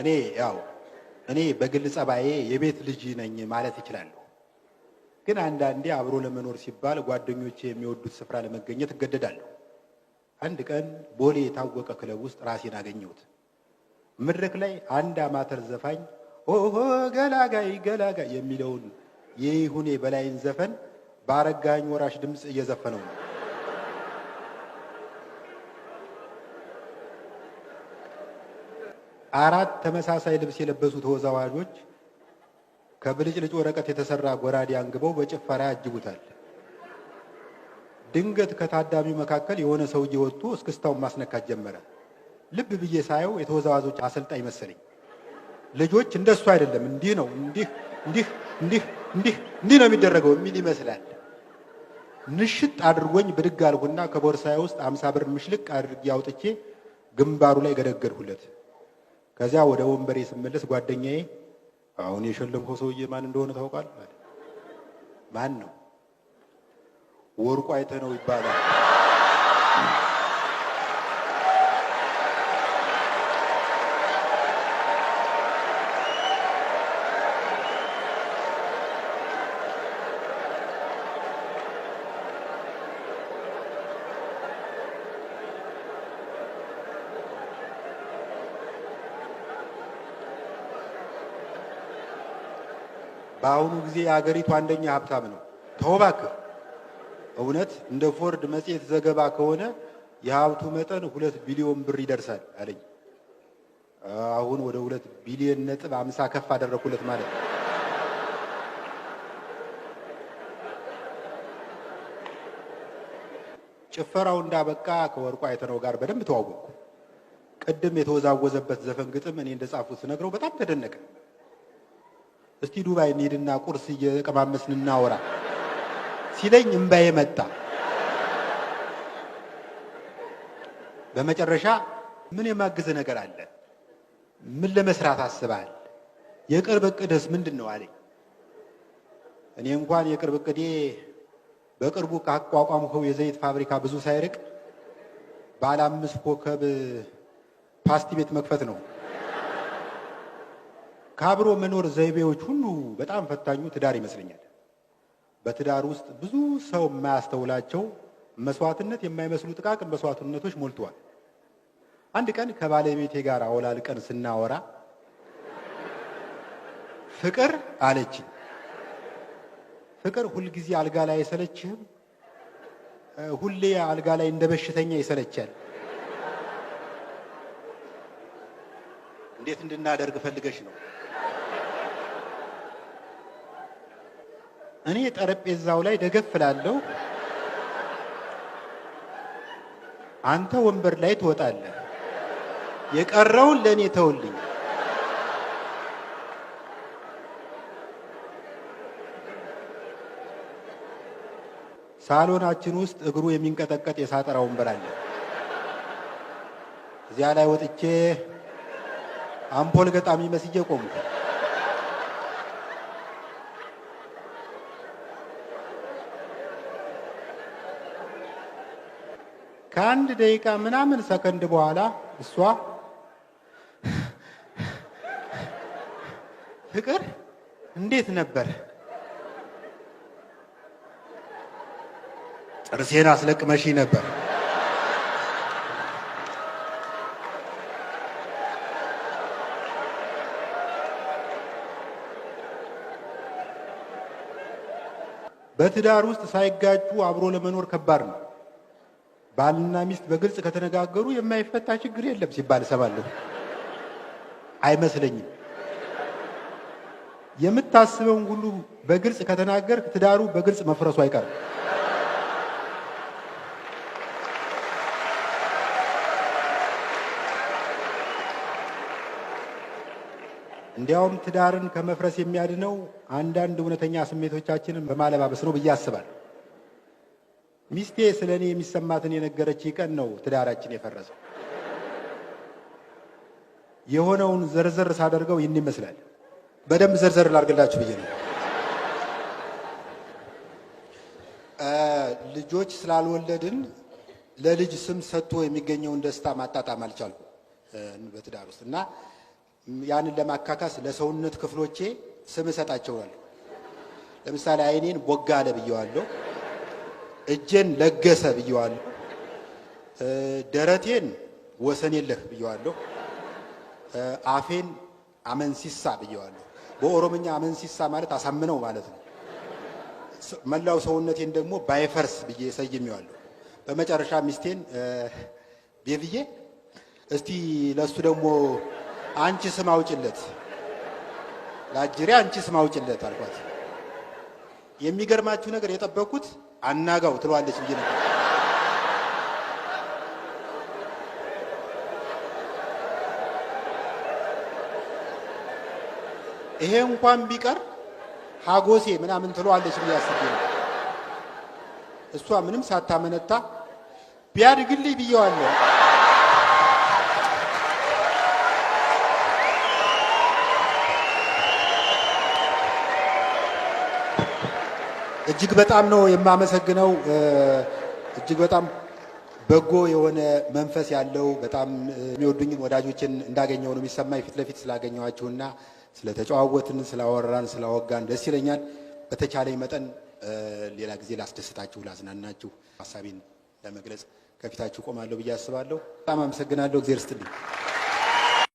እኔ ያው እኔ በግል ጸባዬ የቤት ልጅ ነኝ ማለት እችላለሁ። ግን አንዳንዴ አብሮ ለመኖር ሲባል ጓደኞቼ የሚወዱት ስፍራ ለመገኘት እገደዳለሁ። አንድ ቀን ቦሌ የታወቀ ክለብ ውስጥ ራሴን አገኘሁት። መድረክ ላይ አንድ አማተር ዘፋኝ ኦሆ ገላጋይ ገላጋይ የሚለውን የይሁኔ በላይን ዘፈን በአረጋኝ ወራሽ ድምፅ እየዘፈነው ነው። አራት ተመሳሳይ ልብስ የለበሱ ተወዛዋዦች ከብልጭልጭ ወረቀት የተሰራ ጎራዴ አንግበው በጭፈራ ያጅቡታል። ድንገት ከታዳሚው መካከል የሆነ ሰውዬ ወጥቶ እስክስታውን ማስነካት ጀመረ። ልብ ብዬ ሳየው የተወዛዋዦች አሰልጣኝ መሰለኝ። ልጆች እንደሱ አይደለም፣ እንዲህ ነው፣ እንዲህ እንዲህ እንዲህ እንዲህ እንዲህ ነው የሚደረገው የሚል ይመስላል። ንሽጥ አድርጎኝ ብድግ አልሁና ከቦርሳዬ ውስጥ አምሳ ብር ምሽልቅ አድርጌ አውጥቼ ግንባሩ ላይ ገደገድሁለት። ከዚያ ወደ ወንበሬ ስመለስ ጓደኛዬ አሁን የሸለምከው ሰውዬ ማን እንደሆነ ታውቃለህ? ማን ነው? ወርቁ አይተህ ነው ይባላል። በአሁኑ ጊዜ የሀገሪቱ አንደኛ ሀብታም ነው። ተወባክ እውነት እንደ ፎርድ መጽሔት ዘገባ ከሆነ የሀብቱ መጠን ሁለት ቢሊዮን ብር ይደርሳል አለኝ። አሁን ወደ ሁለት ቢሊዮን ነጥብ አምሳ ከፍ አደረኩለት ማለት ነው። ጭፈራው እንዳበቃ ከወርቁ አይተነው ጋር በደንብ ተዋወቅኩ። ቅድም የተወዛወዘበት ዘፈን ግጥም እኔ እንደጻፉት ስነግረው በጣም ተደነቀ። እስቲ ዱባይ እንሂድና ቁርስ እየቀማመስን እናወራ ሲለኝ እምባዬ መጣ። በመጨረሻ ምን የማግዝ ነገር አለ? ምን ለመስራት አስበሃል? የቅርብ እቅድስ ምንድን ነው አለኝ። እኔ እንኳን የቅርብ እቅዴ በቅርቡ ካቋቋምከው የዘይት ፋብሪካ ብዙ ሳይርቅ ባለ አምስት ኮከብ ፓስቲ ቤት መክፈት ነው። ከአብሮ መኖር ዘይቤዎች ሁሉ በጣም ፈታኙ ትዳር ይመስለኛል። በትዳር ውስጥ ብዙ ሰው የማያስተውላቸው መስዋዕትነት የማይመስሉ ጥቃቅን መስዋዕትነቶች ሞልተዋል። አንድ ቀን ከባለቤቴ ጋር አውላልቀን ስናወራ ፍቅር አለችኝ። ፍቅር ሁልጊዜ አልጋ ላይ አይሰለችህም? ሁሌ አልጋ ላይ እንደ በሽተኛ ይሰለቻል። እንዴት እንድናደርግ ፈልገሽ ነው? እኔ ጠረጴዛው ላይ ደገፍ አንተ ወንበር ላይ ትወጣለህ። የቀረውን ለእኔ ተውልኝ። ሳሎናችን ውስጥ እግሩ የሚንቀጠቀጥ የሳጠራ ወንበር አለ። እዚያ ላይ ወጥቼ አምፖል ገጣሚ መስዬ ቆምኩ። ከአንድ ደቂቃ ምናምን ሰከንድ በኋላ እሷ ፍቅር እንዴት ነበር? ጥርሴን አስለቅመሺ ነበር። በትዳር ውስጥ ሳይጋጩ አብሮ ለመኖር ከባድ ነው። ባልና ሚስት በግልጽ ከተነጋገሩ የማይፈታ ችግር የለም ሲባል እሰማለሁ። አይመስለኝም። የምታስበውን ሁሉ በግልጽ ከተናገርክ ትዳሩ በግልጽ መፍረሱ አይቀርም። እንዲያውም ትዳርን ከመፍረስ የሚያድነው አንዳንድ እውነተኛ ስሜቶቻችንን በማለባበስ ነው ብዬ አስባለሁ። ሚስቴ ስለ እኔ የሚሰማትን የነገረች ቀን ነው ትዳራችን የፈረሰው። የሆነውን ዘርዘር ሳደርገው ይህን ይመስላል። በደንብ ዘርዘር ላድርግላችሁ ብዬ ነው። ልጆች ስላልወለድን ለልጅ ስም ሰጥቶ የሚገኘውን ደስታ ማጣጣም አልቻልኩ በትዳር ውስጥ እና ያንን ለማካካስ ለሰውነት ክፍሎቼ ስም እሰጣቸዋለሁ። ለምሳሌ አይኔን ቦጋለ ብየዋለሁ። እጄን ለገሰ ብየዋለሁ። ደረቴን ወሰን የለህ ብየዋለሁ። አፌን አመንሲሳ ብየዋለሁ። በኦሮምኛ አመንሲሳ ማለት አሳምነው ማለት ነው። መላው ሰውነቴን ደግሞ ባይፈርስ ብዬ ሰይሜዋለሁ። በመጨረሻ ሚስቴን ቤብዬ እስቲ ለሱ ደግሞ አንቺ ስም አውጭለት ለአጅሬ አንቺ ስም አውጭለት አልኳት። የሚገርማችሁ ነገር የጠበቅኩት አናጋው ትለዋለች ብዬ ነበር። ይሄ እንኳን ቢቀር ሀጎሴ ምናምን ትለዋለች ብዬ አስቤ ነው። እሷ ምንም ሳታመነታ ቢያድግልኝ ብዬዋለሁ። እጅግ በጣም ነው የማመሰግነው። እጅግ በጣም በጎ የሆነ መንፈስ ያለው በጣም የሚወዱኝን ወዳጆችን እንዳገኘው ነው የሚሰማኝ። ፊት ለፊት ስላገኘኋችሁና ስለተጨዋወትን፣ ስላወራን፣ ስላወጋን ደስ ይለኛል። በተቻለኝ መጠን ሌላ ጊዜ ላስደስታችሁ፣ ላዝናናችሁ ሀሳቤን ለመግለጽ ከፊታችሁ ቆማለሁ ብዬ አስባለሁ። በጣም አመሰግናለሁ። እግዜር ይስጥልኝ።